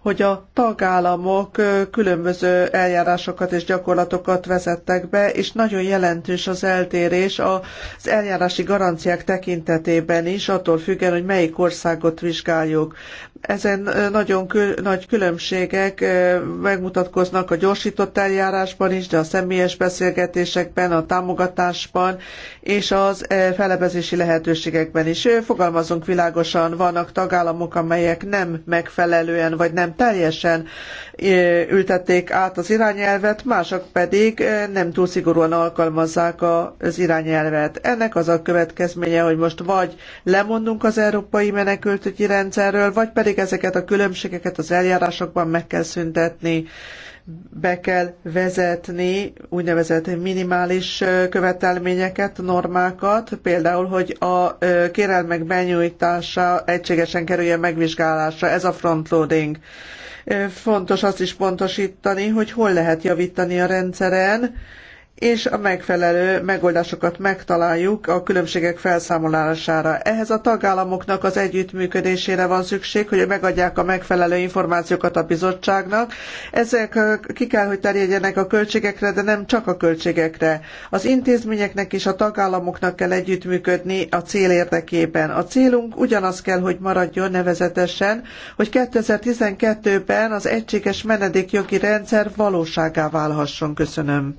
D: hogy a tagállamok különböző eljárásokat és gyakorlatokat vezettek be, és nagyon jelentős az eltérés az eljárási garanciák tekintetében is, attól függően, hogy melyik országot vizsgáljuk. Ezen nagyon kül- nagy különbségek megmutatkoznak a gyorsított eljárásban is, de a személyes beszélgetésekben, a támogatásban és az felebezési lehetőségekben is. Fogalmazunk világosan, vannak tagállamok, amelyek nem megfelelően vagy nem teljesen ültették át az irányelvet, mások pedig nem túl szigorúan alkalmazzák az irányelvet. Ennek az a következménye, hogy most vagy lemondunk az európai menekültügyi rendszerről, vagy pedig ezeket a különbségeket az eljárásokban meg kell szüntetni be kell vezetni úgynevezett minimális követelményeket, normákat, például, hogy a kérelmek benyújtása egységesen kerüljön megvizsgálásra, ez a frontloading. Fontos azt is pontosítani, hogy hol lehet javítani a rendszeren, és a megfelelő megoldásokat megtaláljuk a különbségek felszámolására. Ehhez a tagállamoknak az együttműködésére van szükség, hogy megadják a megfelelő információkat a bizottságnak. Ezek ki kell, hogy terjedjenek a költségekre, de nem csak a költségekre. Az intézményeknek és a tagállamoknak kell együttműködni a cél érdekében. A célunk ugyanaz kell, hogy maradjon nevezetesen, hogy 2012-ben az egységes menedékjogi rendszer valóságá válhasson. Köszönöm.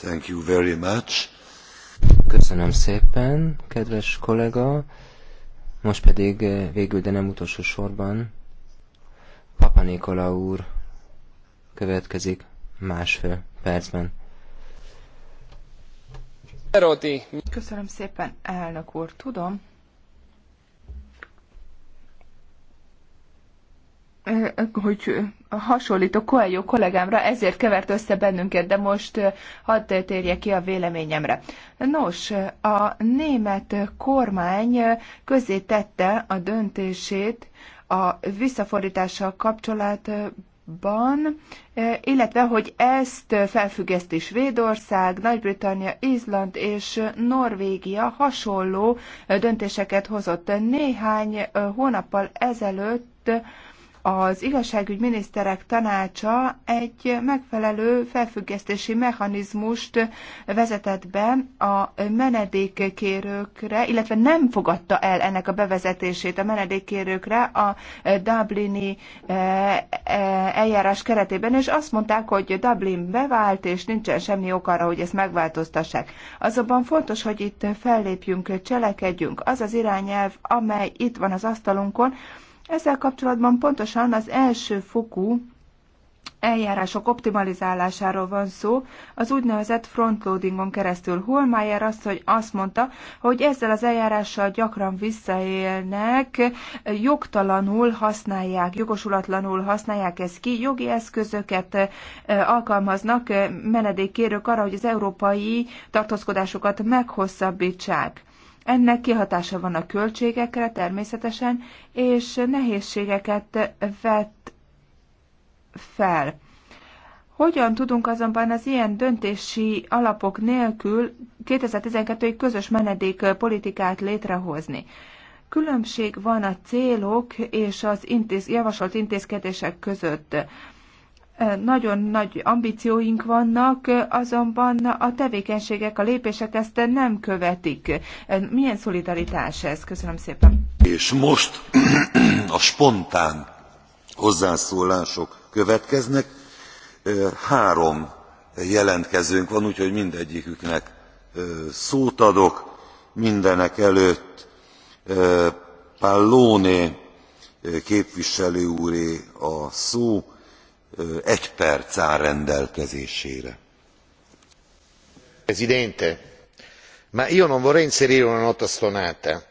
B: Thank you very much. Köszönöm szépen,
A: kedves kollega. Most pedig eh, végül, de nem utolsó sorban, Papa Nikola úr következik másfél percben.
C: Eroti. Köszönöm szépen, elnök úr. Tudom, eh, hogy eh, hasonlító Coelho kollégámra, ezért kevert össze bennünket, de most hadd térje ki a véleményemre. Nos, a német kormány közé tette a döntését a visszafordítással kapcsolatban, illetve hogy ezt felfüggeszti Svédország, Nagy-Britannia, Izland és Norvégia hasonló döntéseket hozott. Néhány hónappal ezelőtt az igazságügy miniszterek tanácsa egy megfelelő felfüggesztési mechanizmust vezetett be a menedékkérőkre, illetve nem fogadta el ennek a bevezetését a menedékkérőkre a Dublini eh, eh, eljárás keretében, és azt mondták, hogy Dublin bevált, és nincsen semmi ok arra, hogy ezt megváltoztassák. Azonban fontos, hogy itt fellépjünk, cselekedjünk. Az az irányelv, amely itt van az asztalunkon, ezzel kapcsolatban pontosan az első fokú eljárások optimalizálásáról van szó, az úgynevezett frontloadingon keresztül. Holmeyer azt, hogy azt mondta, hogy ezzel az eljárással gyakran visszaélnek, jogtalanul használják, jogosulatlanul használják ezt ki, jogi eszközöket eh, alkalmaznak eh, menedékkérők arra, hogy az európai tartózkodásokat meghosszabbítsák ennek kihatása van a költségekre természetesen, és nehézségeket vett fel. Hogyan tudunk azonban az ilyen döntési alapok nélkül 2012-ig közös menedékpolitikát létrehozni? Különbség van a célok és az intéz, javasolt intézkedések között nagyon nagy ambícióink vannak, azonban a tevékenységek, a lépések ezt nem követik. Milyen szolidaritás ez? Köszönöm szépen.
B: És most a spontán hozzászólások következnek. Három jelentkezőnk van, úgyhogy mindegyiküknek szót adok. Mindenek előtt Pallone képviselő úré a szó egy perc áll rendelkezésére. Presidente, ma io non vorrei inserire una nota stonata,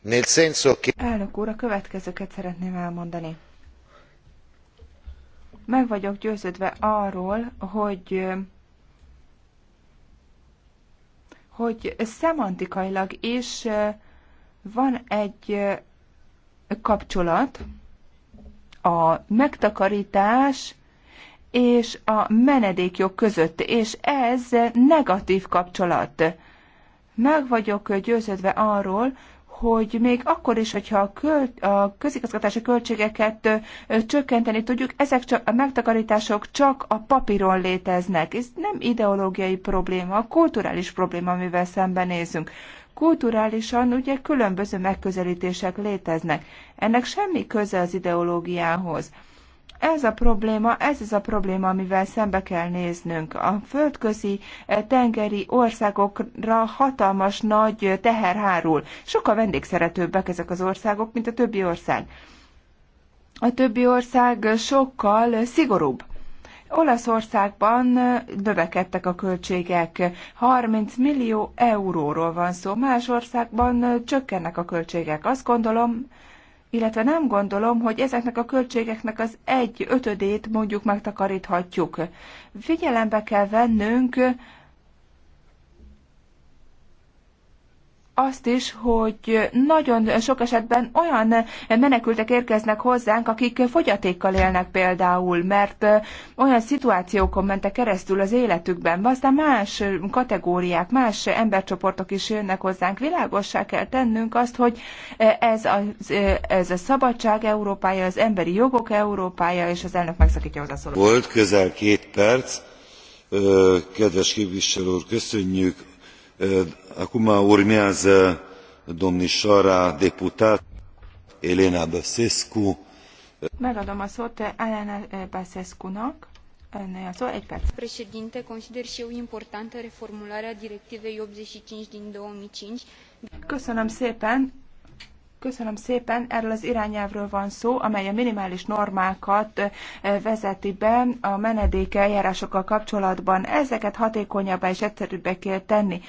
B: nel senso che...
C: Elnök úr, a következőket szeretném elmondani. Meg vagyok győződve arról, hogy hogy szemantikailag is van egy kapcsolat, a megtakarítás és a menedékjog között, és ez negatív kapcsolat. Meg vagyok győződve arról, hogy még akkor is, hogyha a, költ, a közigazgatási költségeket csökkenteni tudjuk, ezek csak, a megtakarítások csak a papíron léteznek. Ez nem ideológiai probléma, kulturális probléma, amivel szembenézünk. Kulturálisan ugye különböző megközelítések léteznek. Ennek semmi köze az ideológiához. Ez a probléma, ez az a probléma, amivel szembe kell néznünk. A földközi eh, tengeri országokra hatalmas nagy eh, teher hárul. Sokkal vendégszeretőbbek ezek az országok, mint a többi ország. A többi ország eh, sokkal szigorúbb. Olaszországban növekedtek a költségek, 30 millió euróról van szó, más országban csökkennek a költségek. Azt gondolom, illetve nem gondolom, hogy ezeknek a költségeknek az egy ötödét mondjuk megtakaríthatjuk. Figyelembe kell vennünk azt is, hogy nagyon sok esetben olyan menekültek érkeznek hozzánk, akik fogyatékkal élnek például, mert olyan szituációkon mentek keresztül az életükben, aztán más kategóriák, más embercsoportok is jönnek hozzánk. Világossá kell tennünk azt, hogy ez a, ez a szabadság Európája, az emberi jogok Európája, és az elnök megszakítja hozzászólót.
B: Volt közel két perc. Kedves képviselő úr, köszönjük acum urmează domnișoara deputat Elena Băsescu.
C: Megadom a szót eh, Elena eh, Băsescu-nak.
E: Președinte, consider și eu importantă reformularea directivei 85 din 2005.
C: Köszönöm szépen, Köszönöm szépen. Erről az irányelvről van szó, amely a minimális normákat eh, vezeti be a menedék eljárásokkal kapcsolatban. Ezeket hatékonyabbá és egyszerűbbé kell tenni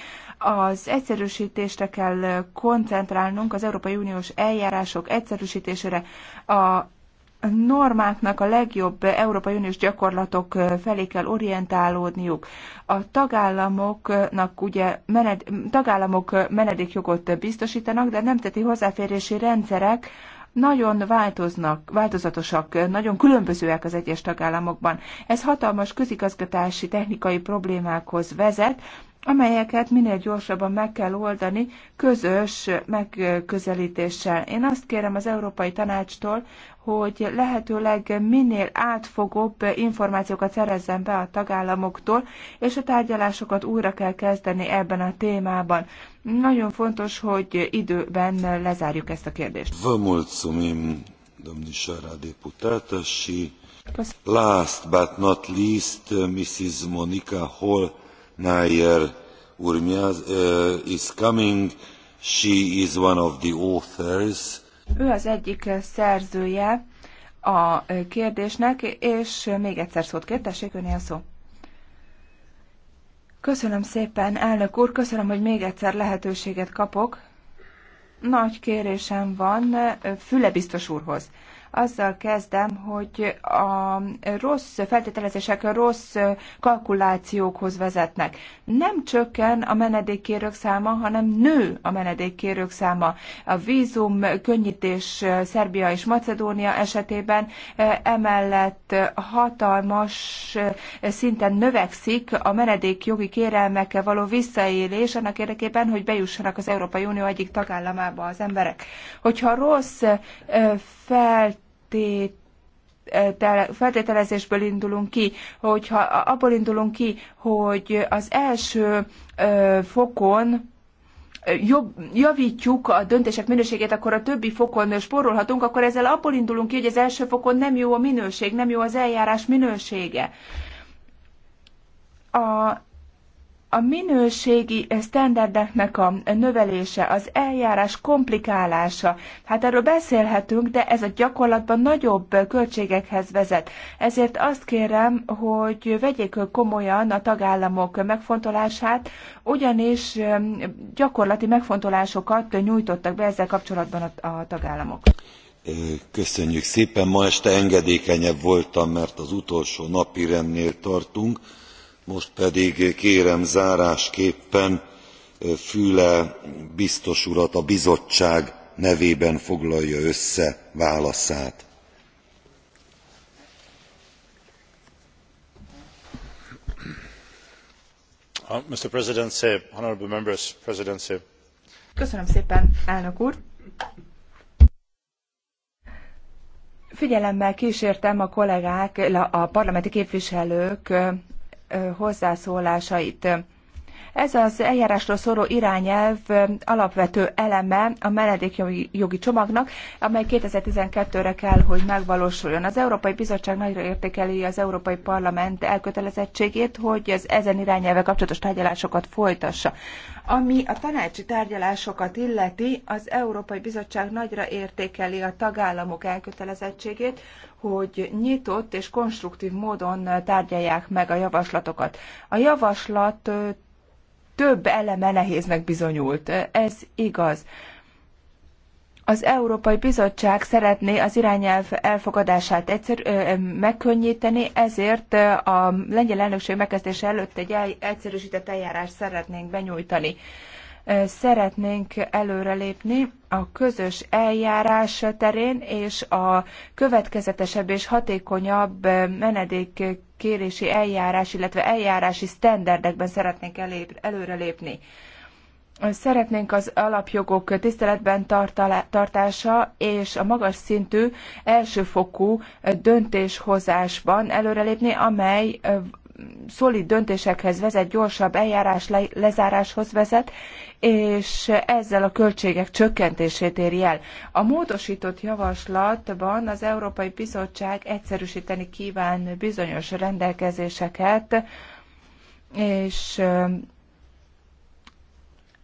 C: az egyszerűsítésre kell koncentrálnunk, az Európai Uniós eljárások egyszerűsítésére, a normáknak a legjobb Európai Uniós gyakorlatok felé kell orientálódniuk. A tagállamoknak ugye mened, tagállamok menedékjogot biztosítanak, de nemzeti hozzáférési rendszerek nagyon változnak, változatosak, nagyon különbözőek az egyes tagállamokban. Ez hatalmas közigazgatási technikai problémákhoz vezet, amelyeket minél gyorsabban meg kell oldani közös megközelítéssel. Én azt kérem az Európai Tanácstól, hogy lehetőleg minél átfogóbb információkat szerezzen be a tagállamoktól, és a tárgyalásokat újra kell kezdeni ebben a témában. Nagyon fontos, hogy időben lezárjuk ezt a kérdést.
B: last but not least, Mrs. Monica Hall Nair Urmiaz uh, is coming. She is one of the authors.
C: Ő az egyik szerzője a kérdésnek, és még egyszer szót kér, tessék önél szó. Köszönöm szépen, elnök úr, köszönöm, hogy még egyszer lehetőséget kapok. Nagy kérésem van Füle biztos úrhoz. Azzal kezdem, hogy a rossz feltételezések a rossz kalkulációkhoz vezetnek. Nem csökken a menedékkérők száma, hanem nő a menedékkérők száma. A vízum könnyítés Szerbia és Macedónia esetében eh, emellett hatalmas eh, szinten növekszik a menedék jogi kérelmekkel való visszaélés annak érdekében, hogy bejussanak az Európai Unió egyik tagállamába az emberek. Hogyha rossz eh, feltét eh, feltételezésből indulunk ki, hogyha abból indulunk ki, hogy az első fokon jobb, javítjuk a döntések minőségét, akkor a többi fokon spórolhatunk, akkor ezzel abból indulunk ki, hogy az első fokon nem jó a minőség, nem jó az eljárás minősége. A a minőségi sztenderdeknek a növelése, az eljárás komplikálása, hát erről beszélhetünk, de ez a gyakorlatban nagyobb költségekhez vezet. Ezért azt kérem, hogy vegyék komolyan a tagállamok megfontolását, ugyanis um, gyakorlati megfontolásokat nyújtottak be ezzel kapcsolatban a tagállamok.
B: Köszönjük szépen, ma este engedékenyebb voltam, mert az utolsó napi rendnél tartunk most pedig kérem zárásképpen füle biztos urat a bizottság nevében foglalja össze válaszát.
C: Uh, mr president honourable members presidency köszönöm szépen elnök úr figyelemmel kísértem a kollégák a parlamenti képviselők hozzászólásait. Ez az eljárásról szóló irányelv alapvető eleme a menedékjogi csomagnak, amely 2012-re kell, hogy megvalósuljon. Az Európai Bizottság nagyra értékeli az Európai Parlament elkötelezettségét, hogy az ezen irányelve kapcsolatos tárgyalásokat folytassa. Ami a tanácsi tárgyalásokat illeti, az Európai Bizottság nagyra értékeli a tagállamok elkötelezettségét, hogy nyitott és konstruktív módon tárgyalják meg a javaslatokat. A javaslat több eleme nehéznek bizonyult. Ez igaz. Az Európai Bizottság szeretné az irányelv elfogadását egyszer, ö, megkönnyíteni, ezért a lengyel elnökség megkezdése előtt egy egyszerűsített eljárást szeretnénk benyújtani szeretnénk előrelépni a közös eljárás terén és a következetesebb és hatékonyabb menedékkérési eljárás, illetve eljárási sztenderdekben szeretnénk elép, előrelépni. Szeretnénk az alapjogok tiszteletben tartása és a magas szintű elsőfokú döntéshozásban előrelépni, amely szolid döntésekhez vezet, gyorsabb eljárás le, lezáráshoz vezet, és ezzel a költségek csökkentését éri el. A módosított javaslatban az Európai Bizottság egyszerűsíteni kíván bizonyos rendelkezéseket, és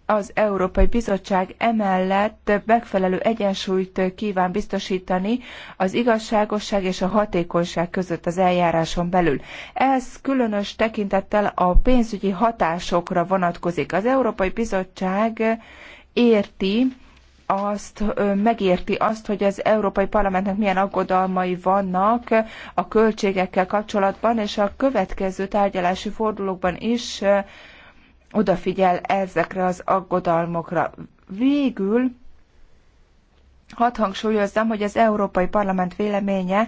C: az Európai Bizottság emellett megfelelő egyensúlyt kíván biztosítani az igazságosság és a hatékonyság között az eljáráson belül. Ez különös tekintettel a pénzügyi hatásokra vonatkozik. Az Európai Bizottság érti, azt megérti azt, hogy az Európai Parlamentnek milyen aggodalmai vannak a költségekkel kapcsolatban, és a következő tárgyalási fordulókban is odafigyel ezekre az aggodalmokra. Végül hadd hangsúlyozzam, hogy az Európai Parlament véleménye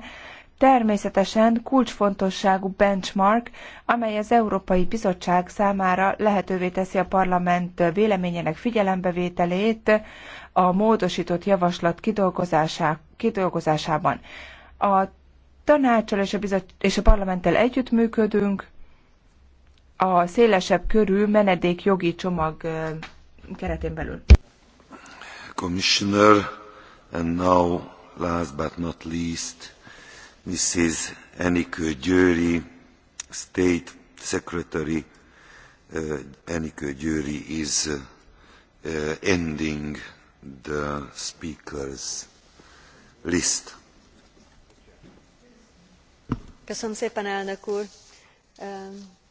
C: természetesen kulcsfontosságú benchmark, amely az Európai Bizottság számára lehetővé teszi a parlament véleményének figyelembevételét a módosított javaslat kidolgozásában. A tanácsal és a, bizot- és a parlamenttel együttműködünk, a szélesebb körű menedék jogi csomag keretén belül.
B: Commissioner, and now last but not least, Mrs. Enikő Győri, State Secretary. Uh, Enikő Győri is uh, ending the speakers list.
E: Köszönöm szépen, elnök úr! Um